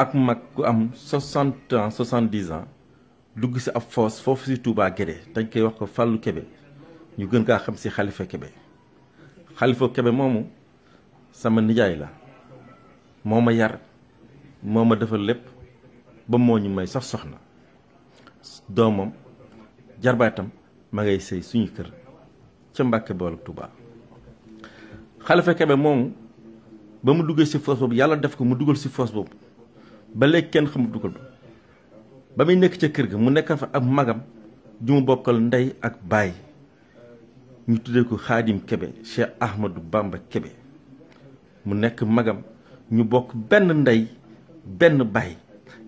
ak mag ku am soixante ans soixante dix an dugg si ab foos foofu si Touba Guédé dañ koy wax ko Fallou Kébé ñu gën kaa xam si xalifa Kébé xalifa kebe moomu sama nijaay la moo ma yar moo ma defal lépp ba moo ñu may sax soxna doomam jarbaatam ma ngay sëy suñu kër ca Mbàkke boolu Touba xalifa Kébé moomu ba mu duggee si foos boobu yàlla def ko mu dugal si foos boobu ba léegi kenn xamul dugal ba ba muy nekk ca kër ga mu nekk fa ab magam ju mu bokkal ndey ak baay ñu tuddee ko xaadim kebe Cheikh Ahmadou Bamba kebe mu nekk magam ñu bokk benn ndey benn baay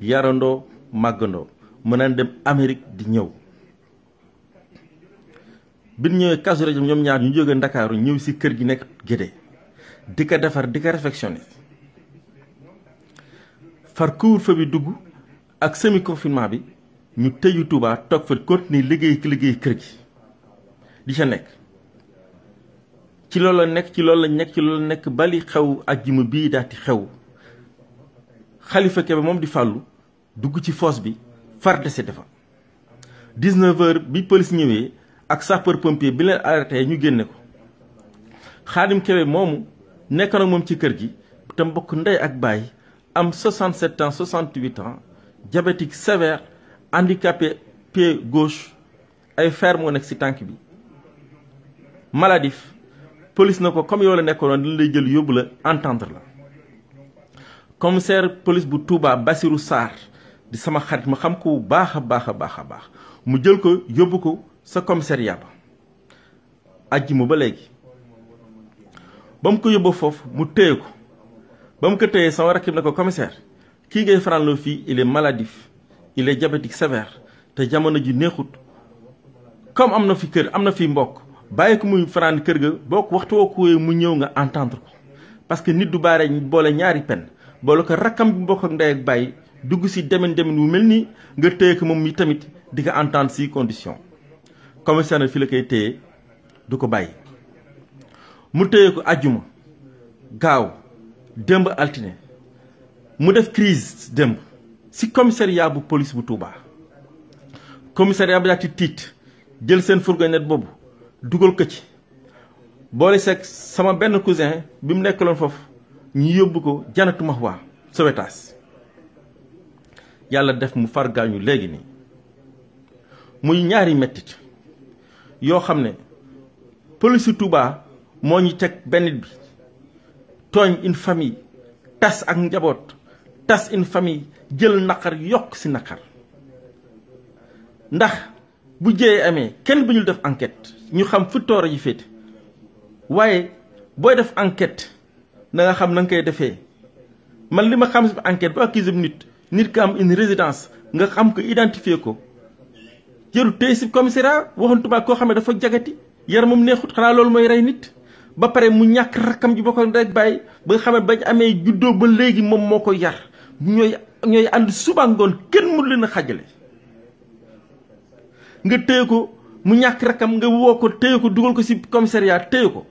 yarandoo màggandoo mën naan dem Amérique di ñëw bi ñu ñëwee Kazu Rajab ñoom ñaar ñu jógee Ndakaaru ñëw si kër gi nekk Gédé di ko defar di ko réfectionné far couvre-feu dugg ak semi confinement bi ñu tëju Touba toog fa continuer liggéey liggéey kër gi di ca nekk ci loolu la nekk ci loolu la nekk ci loolu la nekk bali xew ajjuma bii daati xew Xalifa Kebe moom di fàllu dugg ci fosse bi far dese defa 19 bi police ñëwee ak sapeur pompier bi leen arrêté ñu génne ko Xaadim Kebe moomu nekk na moom ci kër gi te mbokk ndey ak baay am 67 ans 68 ans diabétique sévère handicapé pied gauche ay fer moo nekk ci tànk bi maladif police na ko comme yow la nekkoon dañ lay jël yóbbu la entendre la commissaire police bu Touba basiru Sarr di sama xarit ma xam ko bu baax a baax a baax a baax mu jël ko yóbbu ko sa commissariat ba ajji mu ba léegi ba mu ko yóbbu foofu mu téye ko ba mu ko téyee sama rakib ne ko commissaire kii ngay faranloo fii il est maladif il est diabétique te jamono ji neexut comme am na fi kër am na fi mbokk bàyyi ko muy fanaan kër ga boo ko waxtu woo ko mu ñëw nga ententre ko parce que nit du baaree boole ñaari pen boole ko rakkam bi mbokk ak ndey ak bàyyi dugg si demin demin wu mel nii nga téye ko moom mi tamit di ko entendre si condition commissaire na fi la koy téye du ko bàyyi mu téye ko àjjuma gaaw démb altine mu def crise démb si commissariat bu police bu Touba commissariat bi daal tiit jël seen fourgonnette boobu dugal ko ci boole seeg sama benn cousin bi mu nekkaloon foofu ñu yóbbu ko janatu Mahwa Sowetaas yàlla def mu fargaañu léegi nii muy ñaari mettit yoo xam ne police Touba moo ñu teg benn bi tooñ une famille tas ak njaboot tas une famille jël naqar yokk ci naqar ndax bu jëyee amee kenn bu ñu def enquête ñu xam fu tooro yi féete waaye booy def enquete na nga xam na nga koy defee man li ma xam si ci enquête bu accusé nit nit ki am une résidence nga xam ko identifier ko jëru tey ci commissariat waxantuma koo xam ne dafa jagati yaramam neexut xanaa loolu mooy rey nit ba pare mu ñàkk rakkam ji bokkoon rek bàyyi ba nga xam ne bañ amee juddoo ba léegi moom moo ko yar ñooy ñooy ànd suba ngoon kenn mënu leen a xajale nga téye ko mu ñàkk rakkam nga woo ko téye ko dugal ko ci commissariat téye ko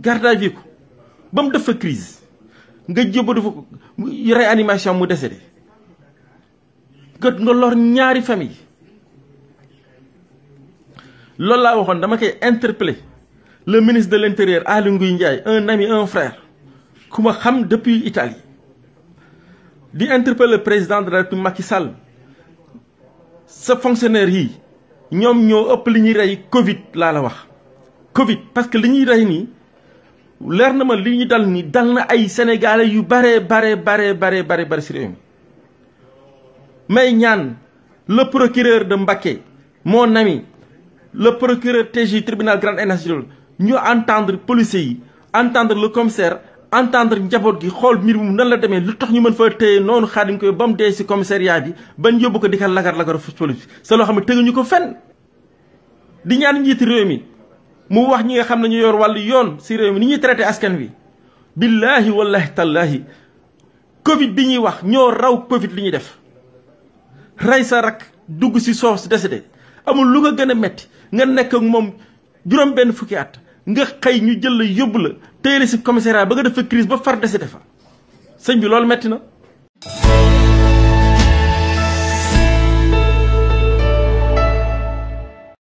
garde à ko ba mu def fa crise nga jébba fa ko réanimation mu décédé nga nga lor ñaari famille loolu laa waxoon dama koy interpellé le ministre de l'Intérieur, Aly Ngouille Ndiaye, un ami, un frère, ku ma xam depuis Italie di interpeller président de la République Macky Sall sa fonctionnaire yi ñoom ñoo ëpp li ñuy rey Covid laa la wax Covid parce que li ñuy rey nii leer na ma li ñu dal ni dal na ay sénégalais yu bare bare bare bare bare bare si may ñaan le procureur de Mbacké moo ami le procureur TJ tribunal grande instance ñu entendre policiers yi entendre le commissaire entendre njaboot gi xool mbir mu nan la demee lu tax ñu mën fa téye noonu xaadim koy ba mu dee si commissariat bi ban yóbbu ko di ka lagar lagar fu police sa loo xam ne ñu ko fenn di ñaan njiit réew mi mu wax ñi nga xam nañu ñu yor wàllu yoon si réew mi ni ñuy traité askan wi billaahi wallahi tallaahi covid bi ñuy wax ñoo raw covid li ñuy def rey sa rak dugg si soos décédé amul lu ko gën a metti nga nekk ak moom juróom benn fukki at nga xëy ñu jël la yóbbu la téye la si ba nga def fa crise ba far dese defa sëñ bi loolu metti na